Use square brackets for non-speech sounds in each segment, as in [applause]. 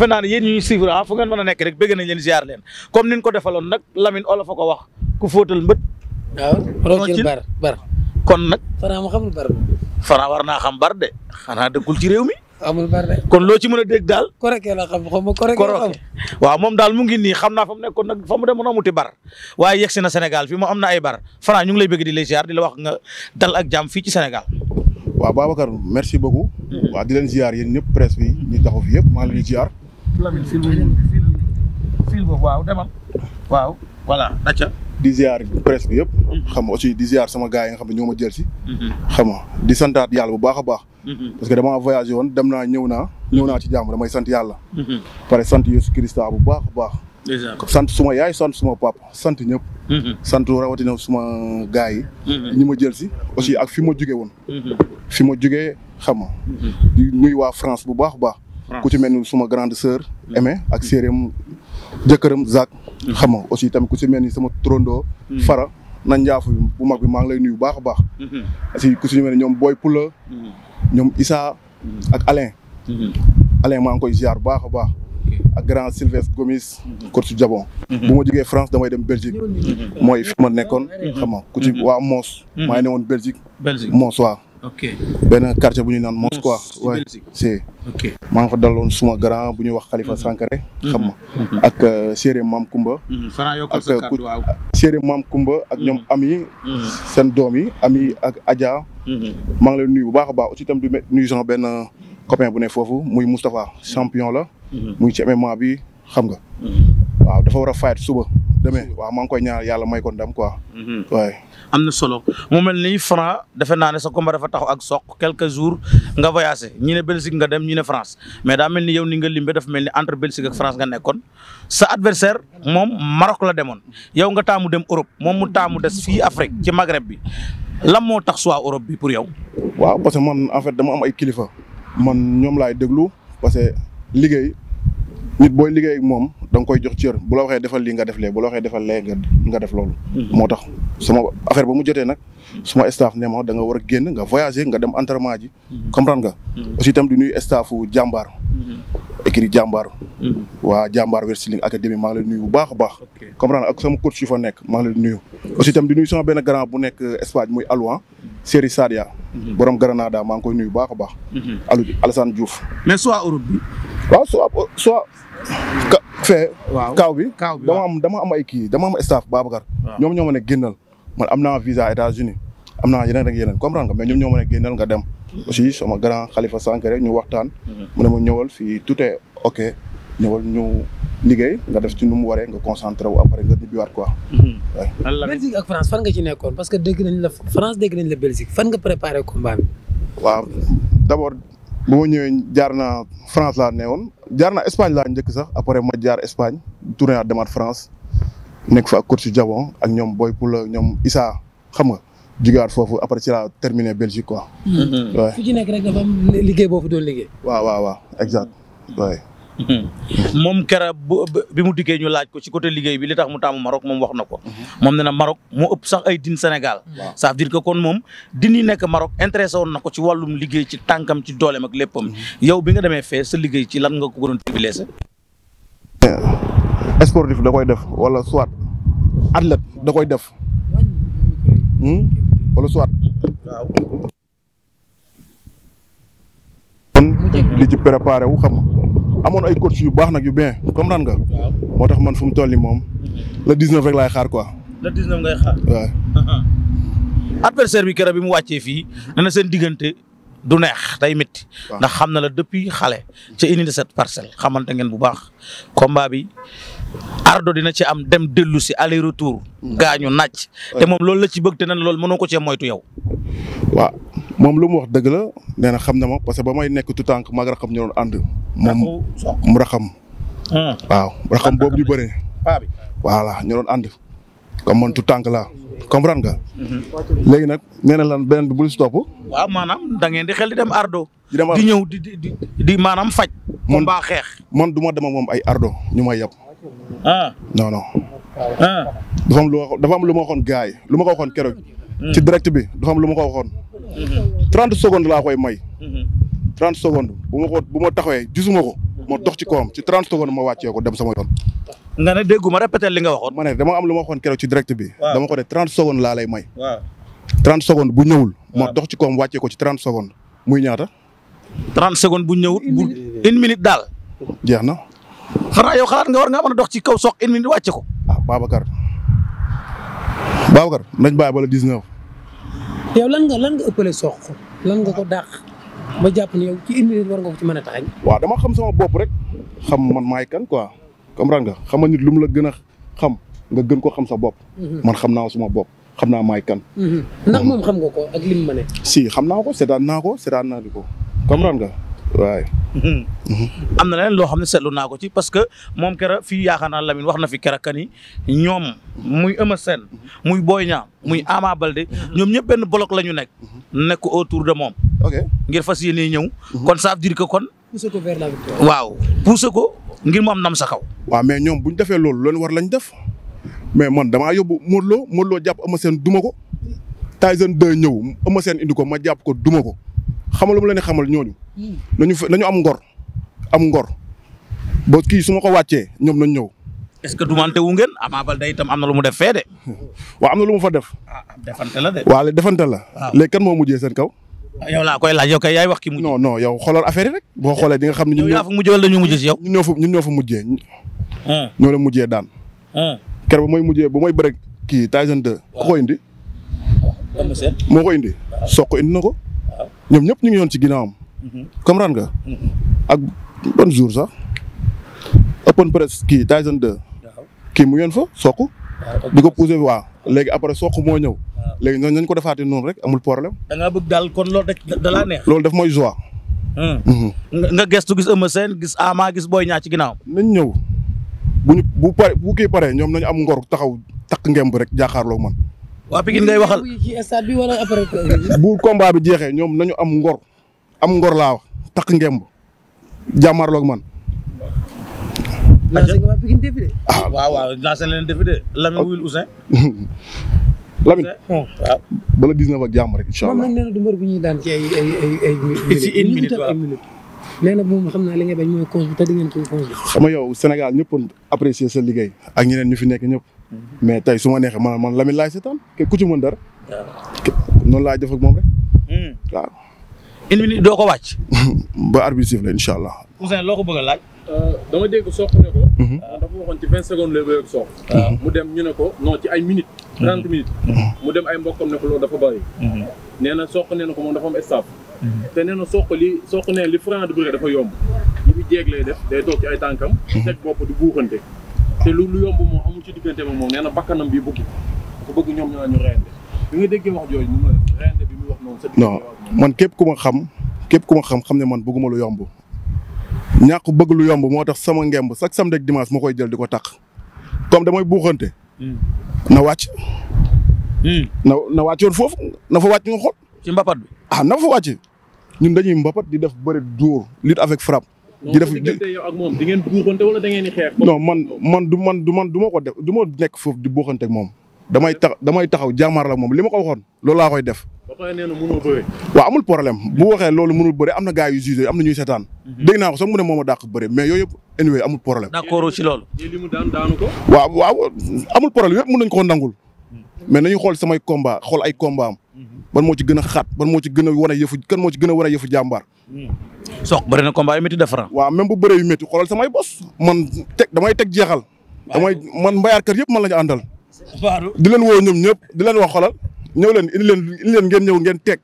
defe naa ne yéen ah, fu ngeen mën nekk rek bëgg nañ leen ziar leen comme ni ñu ko defaloon nag Lamine Olof a ko wax ku fóotal mbët. kon nag. Franc ma xamul bar. Franc war naa xam bar de xanaa dëkkul ci réew mi. amul bar kon loo ci mën a dégg daal. koroke la xam xam koroke la xam. wa moom daal mu ngi ni xam na fa mu nekkoon nag fa mu demoon amuti bar waaye yegsi na Sénégal fii mu am na ay bar Franc ñu ngi lay bëgg di lay ziar di la wax nga dal ak jàmm fii ci Sénégal. waaw Babacar merci beaucoup. Hmm. waa di leen ziar yéen ñëpp presse yëpp maa ngi Lamine sil sil boobu waaw demal waaw voilà acca di ziar presse bi yëpp mm-hmm. xam di ziar sama gars yi nga xam ne ma jël si mm-hmm. xam di santaat yàlla bu baax a baax mm-hmm. parce que damaa voyagé woon dem naa ñëw naa ñëw naa ci jàmm damay sant yàlla pare sant Yesu Christa bu baax a baax sant suma yaay sant suma papa sant ñëpp sant rawatina suma gars yi ñi ma jël si aussi ak fi ma jugee woon fi ma jugee xam nga di nuyu waa France bu baax baax ku ci mel ni suma grande sœur mm. Aimé ak séeréem jëkkëram Zak. Mm. xam nga aussi tamit ku ci mel ni sama turandoo. Mm. Fara na njaafu bu mag bi maa ngi lay nuyu bu baax a baax. Mm-hmm. aussi ku ci mel ñoom Boy Pula. Mm-hmm. ñoom Issa. Mm-hmm. ak Alain. Alain maa ngi koy ziar bu baax a baax. ak grand Sylvestre Gomis. coach su Japon. bu ma jegee France damay dem Belgique. mooy fi ma nekkoon. xam nga ku ci waa Mons. maa ngi ne woon Belgique. Mons waaw. ok benn quartier bu ñuy naan Mons quoi. waaw si ok maa ngi fa daloon suma grand bu ñuy wax xalifa mhm. Sankare. Mhm. xam ma mhm. ak euh, Séré Maam Kumba. Franc yokkal sa kàddu ak Maam Kumba ak ñoom ami seen doom yi ami ak Adja. maa ngi leen nuyu bu baax a baax aussi tam du nuyu sama benn euh, copain bu ne foofu muy Moustapha champion la. muy ci MMA bi xam nga. waaw dafa war a fayat suba. demee waaw maa ngi koy ñaan yàlla may ko ndam quoi. Mhm. am na solo mu mel ni Franc defe naa ne sa combat dafa taxaw ak Sokh quelques jours nga voyagé ñi ne Belgique nga dem ñi ne France mais daa mel ni yow ni nga limbe dafa mel ni entre Belgique France nga nekkoon sa adversaire moom Maroc la demoon yow nga taamu dem Europe moom mu taamu des fii Afrique ci Maghreb bi lan moo tax soit Europe bi pour yow. waaw parce que man en fait dama am ay kilifa man ñoom laay déglu parce que liggéey da koy jox cër bu la waxee defal lii nga def lee bu la waxee defal lee mhm. moo tax sama affaire ba mu jotee nag suma staff ne ma da nga war a génn nga voyager nga dem entraînement ji. Mhm. comprendre nga. Mhm. aussi tam di nuyu staffu jàmbaar. écrit jàmbaar. waa jàmbaar wrestling académie maa bu a baax. comprendre ak sama coach yu fa nekk maa ngi lay nuyu. aussi itam di nuyu sama benn bu nekk Espagne muy Alouan. Seri Sadia. borom Granada maa ngi koy nuyu bu baax baax. Aliou Alassane Diouf. mais soit Europe bi. fee kaaw bi dama am dama am ay kii dama am staff Babacar ñoom ñoo ma ne génnal man am naa visa États-Unis am naa yeneen ak yeneen comprendre nga mais ñoom ñoo ma nga dem aussi sama grand Khalifa Sankare ñu waxtaan mhm. mu ne ma ñëwal tout est ok ñëwal ñu liggéey nga def ci nu mu waree nga concentré wu après nga ñibbiwaat quoi. Mhm. Belgique ak France fan nga ci nekkoon parce que dégg nañ la France dégg Belgique fan nga préparé combat waaw bu ma ñëwee jaar na France laa ne woon jaar na Espagne la njëkk sax après ma jaar Espagne tourné à demaat France nekk fa ak coach Jabon ak ñoom Boy Poul ñoom Issa xam nga jugaat foofu après ci laa terminé Belgique quoi. Mm-hmm. fu ci rek dafa am liggéey boo fa doon liggéey. waaw waaw waaw exact Hmm. moom kera bi mu dikkee ñu laaj ko ci côté liggéey bi li tax mu taamu Maroc moom wax na ko. moom ne na Maroc moo ëpp sax ay din Sénégal. ça veut dire que kon moom din yi nekk Maroc intéressé woon na ko ci wàllum liggéey ci tànkam ci dooleem ak léppam. Hmm. yow bi nga demee fee sa liggéey ci lan nga ko gënoon privilégié. Eh, sportif da koy def wala soit athlète da koy def hmm? wala soit. kon li ci préparé wu xam. amoon ay coach yu baax nag yu bien comprendre nga. moo tax man fu mu toll nii moom. le 19 rek laay xaar quoi. le 19 ngay xaar. waaw. [laughs] adversaire bi keroog bi mu wàccee fii nee seen diggante du neex day métti. ndax xam na la depuis xale. ca unité set parcelle xamante ngeen bu baax. combat bi ardo dina ci am dem dellu si aller retour. Mm. gaañu naaj. te moom loolu la ci bëgg te nan loolu mënoo ko cee moytu yow. wa moom lu mu wax dëgg la nee xam na ma parce que ba may nekk tout tànk mag raxam ñu doon ànd. moom mu raxam. Ah. waaw raxam boobu ñu bëri. voilà ñu doon ànd. comme man tout tànk laa comprendre nga. Mhm. léegi nag nee na lan beneen bi bu ñu si topp. waaw maanaam da di xel di dem ardo. di dem ardo di ñëw di di maanaam faj. man baa xeex. man du ma dem moom ay ardo ñu may yab. ah non non. Ah. dafa am lu ma waxoon dafa lu ma waxoon ko keroog. ci direct bi du xam lu ma ko waxoon. 30 secondes laa koy may. 30 secondes bu ma ko bu ma taxawee gisuma ko ma dox ci kawam ci 30 secondes ma wàccee ko dem sama yoon. nga ne ma répété li nga waxoon. ma ne dama am lu ma waxoon keroog ci direct bi. dama ko ne 30 secondes laa lay may. waaw 30 bu ñëwul. ma dox ci kawam wàccee ko ci 30 secondes muy ñaata. 30 secondes bu ñëwul bu une minute daal. jeex na. xanaa yow xalaat nga war nga mën a dox ci kaw sox une minute wàcce ko. ah Babacar. Babacar nañ bàyyi ba le 19. yow lan nga lan nga ëppale soq lan nga ko dàq ma jàpp ne yow ci indi war nga ko ci mën taxañ. waaw dama xam sama bopp rek xam man maay kan quoi comprendre nga xam nga nit lu mu la gën a xam nga gën ko xam sa bopp. Mhm. man xam naa suma bopp xam naa maay kan. Mhm. ndax moom xam nga ko ak lim ma ne. si xam naa ko seetaan naa ko seetaan naa ne ko comprendre nga. waay. [laughs] am na leen loo xam ne seetlu naa ko ci parce que moom kera fii yaakaar naa Lamine wax na fi kera kan ñoom muy Eumeu Sène muy booy Niang muy Ama Baldé ñoom ñëpp benn bloc la ñu nekk. nekk autour de moom. ok ngir fas yéenee ñëw. kon ça veut que kon. pousser ko vers la waaw pousser ko ngir mu am nam sa kaw. waaw mais ñoom bu ñu defee loolu loolu war lañ def mais man damaa yóbbu Modou Lo Modou jàpp Eumeu Sène duma ko Tyson 2 ñëw Eumeu seen indi ko ma jàpp ko duma ko xamal lu ma leen xamal ñooñu. nañu fa nañu am ngor am ngor boo kii su ma ko wàccee ñoom nañ ñëw. est-ce que dumante wu ngeen Ama Baldé itam am na lu mu def fee de. [laughs] waaw am na lu mu fa def. Ah, ah, defante la de. waaw defante la. waaw léegi kan moo mujjee seen kaw. Ah, yow laa koy laaj yow kay yaay wax ki mujj. non non yow xoolal affaire yi rek boo xoolee di ne. ñun ñoo fa mujjee wala ñu mujj si mujjee. ñoo la mooy mujjee ba mooy bëreeg kii Tyson 2. ku ko indi. moo ko indi. soq indi na ko. ñoom ñëpp ñu ngi yoon ci ginnaawam comprendre nga. ak bon jour sax. open press kii Tyson 2. kii mu yoon fa soq. di ko poussé waaw léegi après soq moo ñëw. léegi ñooñu nañ ko defaatee noonu rek amul problème. da ngaa bëgg daal kon loolu rek da loolu daf mooy joie. Hmm. Hmm. nga gestu gis Eumeu Sène gis Ama gis Boy Niang ci ginnaaw. nañ ñëw bu ñu bu pare bu kii ñoom nañ am ngor taxaw takk ngemb rek jàkkaarloog man. waa Pikine ngay bu combat bi jeexee ñoom nañu am ngor. am ngor laa wax takk ngemb jàmmarloog man. lancé nga waa Pikine défi de. Ah. de Lamine ah. wuyul Ousseyn. Oh. bala 19 ak jàmm rek incha allah moom nag na du mbër bu ñuy daan ci ay na xam naa li nga bañ mooy cause bi te di ngeen kii yow Sénégal ñëpp apprécier sa ak ñeneen ñu fi nekk ñëpp. Mhm. mais tey su ma neexee man man Lamine laay seetaan ku ci mën dara. waaw noonu laa jëf ak moom rek hmm. une minute doo ko wàcc. [laughs] ba arbitre siffle incha allah. Ouzin loo ko bëgg a laaj. Euh, dama dégg soq ne ko. Mhm. Euh, dafa waxoon ci vingt secondes lay bëre ak soq. mu dem ñu ne ko non ci ay minutes. Mhm. trente minutes. Mhm. mu dem ay mbokkam ne ko loolu dafa bëri. nee na ne na ko moom dafa am staff. te nee na soq li soq nee li franc de bëre dafa yomb. li bi jéeg lay def day toog ci ay tànkam. teg bopp di buuxante. te lu lu yomb moom amul ci diggante moom moom nee na bi bëgg. dafa bëgg ñoom ñoo non man képp ku ma xam képp ku ma xam xam ne man bëgguma lu yomb ñàkk bëgg lu yomb moo tax sama ngemb chaque samedi ak dimanche ma koy jël di ko takk comme damay buuxante. Hmm. na wàcc. Hmm. na na wàcc yoon foofu na fa wàcc nga ci mbapat bi ah na fa wàcc ñun dañuy mbapat di def bëri dóor lutte avec frappe. di def di ngeen buuxante wala da ngeen xeex. man man du man du man du ma ko def du foofu di buuxante moom. damay tax damay taxaw jàmmaar la moom li ma ko waxoon loolu laa koy def. ba na mënul bëre. waaw amul problème bu waxee loolu mënul bëre am na gars yu jugé am na ñuy seetaan. Mhm. dégg naa ko sax a dàq bëre mais yooyu yëpp anyway amul problème. d'accord ci waaw waaw amul problème yëpp mën nañu koo nangul. Mhm. mais nañu xool samay combat xool ay combat mhm. ban moo ci gën a xaat ban moo ci gën a wane yëfu kan moo ci gën a wane yëfu jàmbaar. soq bëri na combat yu métti defara waaw même bu bëree yu métti xoolal samay bos man teg damay teg jeexal. damay man mbayaar kër yëpp man la ñu àndal di leen woo ñoom ñëpp di leen wax xolal ñëw leen leen indi leen ngeen ñëw ngeen teg.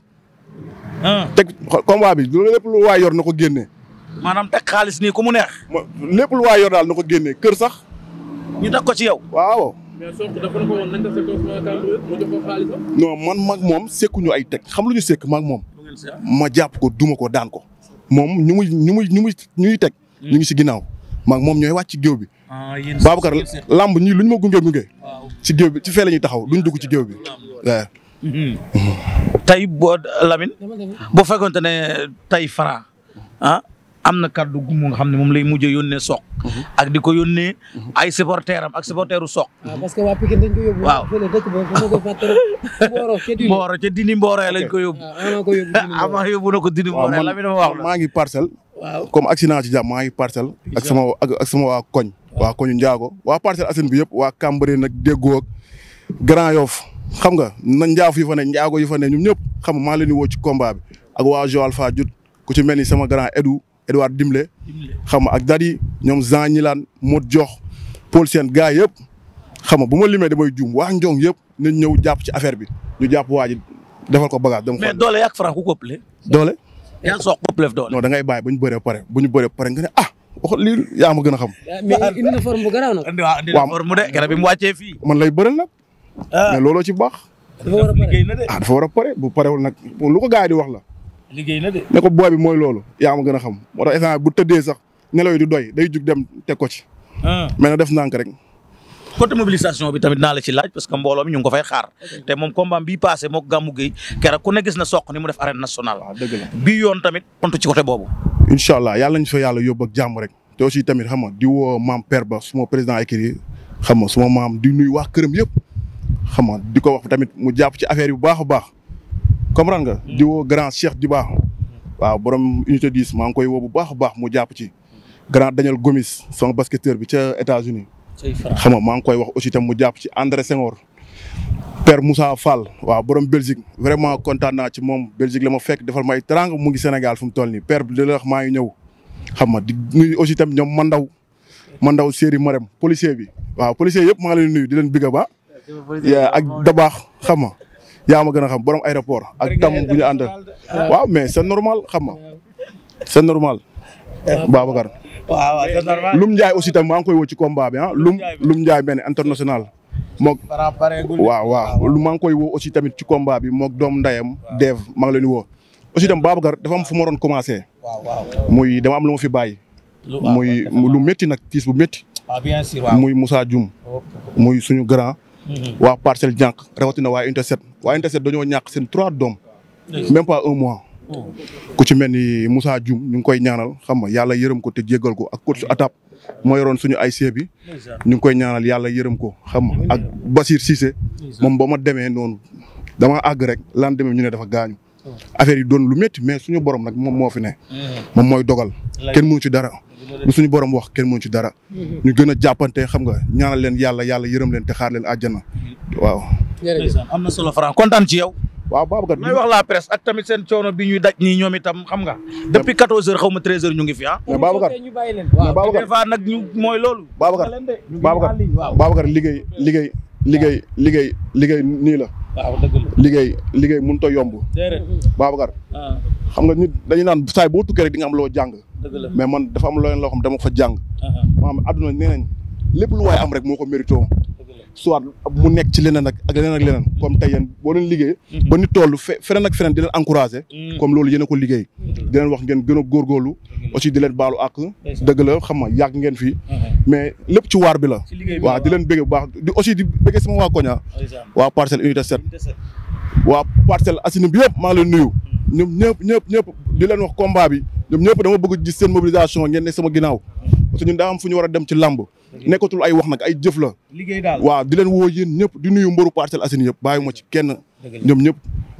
Ah. teg combat bi loolu lu yor na ko génnee. maanaam teg xaalis nii ku mu neex. lépp lu waay yor daal na ko génnee kër sax. ñu teg ko ci yow. waaw. man mag moom sekkuñu ay teg xam lu ñu sekk mag moom. ma jàpp ko duma ko daan ko. moom ñu muy ñu muy ñu muy ñuy teg. Hmm. ñu ngi si ginnaaw. maag moom ñooy wàcc ci géew bi ah, Babacar lamb ñii lu ñu ma gunge gunge ci géew bi ci fee la ñuy taxaw duñ dugg ci géew bi waaw mhm. [laughs] tey boo Lamine boo fekkonte ne tey Franc ah, am na kaddu gumu xam ne moom lay mujj a yónnee mhm. ak di ko yónnee ay supporter ak supporteru soq. waaw ah, parce que waa Pikine dañ ko ko fàtte lañ ko amaa ko yóbbu ko Dini Mboro Lamine ma wax la maa ngi parcelle. waaw comme accident ci jàmm maa ngi parcelle. ak sama ak sama waa koñ. waa koñu Ndiago waa parcelle Assainies bi yëpp waa Cambérène nag déggoo ak Grand Yoff xam nga na njaaf yi fa ne njaago yi fa ne ñun ñëpp xam nga maa leen woo ci combat bi ak waa Joal Fadiouth ku ci mel ni sama grand Edou Edouard Dimle xam nga ak Dadi ñoom Jean Ñilaan Modou Jox Paul Sène gars yëpp xam nga bu ma limee damay juum waa Njong yëpp nañ ñëw jàpp ci affaire bi ñu jàpp waa ji defal ko bagage. dem mais doole yak Franc ku doole. yaa soog bopp lef doole. non da ngay bàyyi bu ñu bëree pare bu ñu bëree pare nga ne ah waxul lii gën a xam. mais indi bi mu wàccee fii. man lay bëral nag. Ah. mais looloo ci baax. a pare ah dafa war a pare bu parewul nag lu ko gaa yi di wax la. liggéey na ne ko booy bi mooy loolu yaa ma gën a xam moo tax instant bu tëddee sax nelaw yi du doy day jug dem teg ko ci. Ah. mais na def nànk rek côté mobilisation bi tamit naa la ci laaj parce que mbooloo i ñu ngi ko fay xaar te moom combat bii passé moo gàmmu géey keroog ku ne gis na soq ni mu def arène nationale ah, bi yoon tamit ba suma président écrit mu jàpp ci affaire yi baax a baax comprendre nga di woo grand cheikh di baax waaw borom unité 10 maa koy woo bu baax a baax mu jàpp ci grand Daniel Gomis sama basketteur bi ca États-Unis xam nga maa ngi koy wax aussi tam mu jàpp ci André Senghor. Père musa Fall waaw borom Belgique vraiment kontaan naa ci moom Belgique la ma fekk defal may teraanga mu ngi Sénégal fu mu toll nii père bi de la wax maa ñëw. xam nga di nuyu aussi tam ñoom Mandaw Mandaw ma Marème policier bi waaw policier yëpp maa ngi leen di leen bigga ah. ba ak dabaax xam nga yaa ma gën a xam borom aéroport ak tam bu ñu ànd waaw mais c'est normal xam nga c'est normal Babacar waaw waaw c'est normal Lum Ndiaye aussi tam maa koy woo ci combat bi ah. Lum Lum Ndiaye benn international. moog waaw waaw lu maa koy woo aussi tamit ci combat bi moog doom ndayam deev maa ngi leen di woo. aussi tam Babacar dafa am fu ma doon commencé. muy dama am lu ma fi bàyyi. Ah, muy lu métti nag tiis bu métti. ah bien sûr waaw muy Moussa Dioum. muy suñu grand. Mhm. waa parcelle jànq rawatina waa Intercept waa Intercept dañoo ñàkk seen trois doom. même pas un mois. ku ci mel ni Moussa Dioum ñu koy ñaanal xam nga yàlla yërëm ko te jéggal ko ak coach Atap moo yoroon suñu ay see bi ñu ngi koy ñaanal yàlla yërëm ko xam nga ak Basir Cissé moom ba ma demee noonu dama àgg rek lan demee ñu ne dafa gaañu. Oh. affaire yi doon lu métti mais su borom nag moom moo fi ne. Mm-hmm. moom mooy dogal kenn mënu ci dara. lu suñu borom wax kenn mënu ci dara. Mm-hmm. ñu gën a jàppante xam nga ñaanal leen yàlla yàlla yërëm leen te xaar leen àjjana mm-hmm. waaw. waaw Babacar may wax la presse ak tamit seen coono bi ñuy daj ñoom itam xam nga. depuis 14h xaw ma 13h ñu ngi fi a ah. mais Babacar ñu bàyyi leen. waaw des fois nag ñu mooy loolu. Babacar liggéey liggéey liggéey liggéey liggéey nii la. waaw dëgg liggéey liggéey mënut yomb. déedéet Babacar. Ah. xam nga nit dañu naan saay boo tukkee rek di nga am loo jàng. dëgg man dafa am loo leen loo xam dama ko fa jàng. Ah, maanaam àdduna nee nañ lépp lu waay am rek moo ko mérito soit mu nekk ci leneen ak ak leneen ak leneen comme tey yéen boo leen liggéey mm-hmm. ba ni toll fe feneen ak feneen di leen encouragé mm-hmm. comme loolu yéen a ko liggéey mm-hmm. di leen wax ngeen gën a góorgóorlu aussi di leen baalu àq dëgg la xam nga ngeen fii mais lépp ci waar bi la di leen bëgge baax di aussi di bëgge sama waa koña waa parcelle unité 7 waa parcelle asini bi yëpp maa leen nuyu ñëpp ñëpp di leen wax combat bi ñëpp dama bëgg gis seen mobilisation ngeen ne sama ginnaaw parce que ñun daa fu ñu war dem ci làmb nekkatul ay wax nag ay jëf la liggéey waaw di leen woo yéen ñëpp di nuyu mbaru Parcelles Assainies yëpp bàyyi ma kenn ñoom ñëpp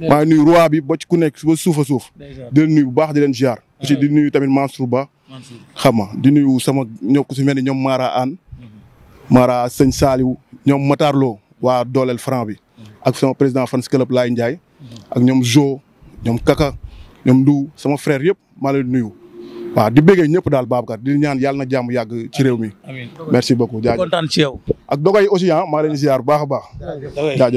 maa nuyu roi bi ba ku nekk ba suuf suuf di leen nuyu bu baax di leen ziar aussi di nuyu tamit Mansour Ba xam nga di nuyu sama ñoo ku si mel ni ñoom Mara Anne Mara Sëñ Saliou ñoom Matar Lo waa dooleel franc bi ak sama président fans club Laye Ndiaye ak ñoom Jo ñoom Kaka ñoom du sama frère yëpp maa leen nuyu waaw di bëggee ñëpp daal Babacar di ñaan yàlla na jàmm ci réew mi. merci beaucoup jaajëf kontaan aussi ah maa leen ziar bu baax a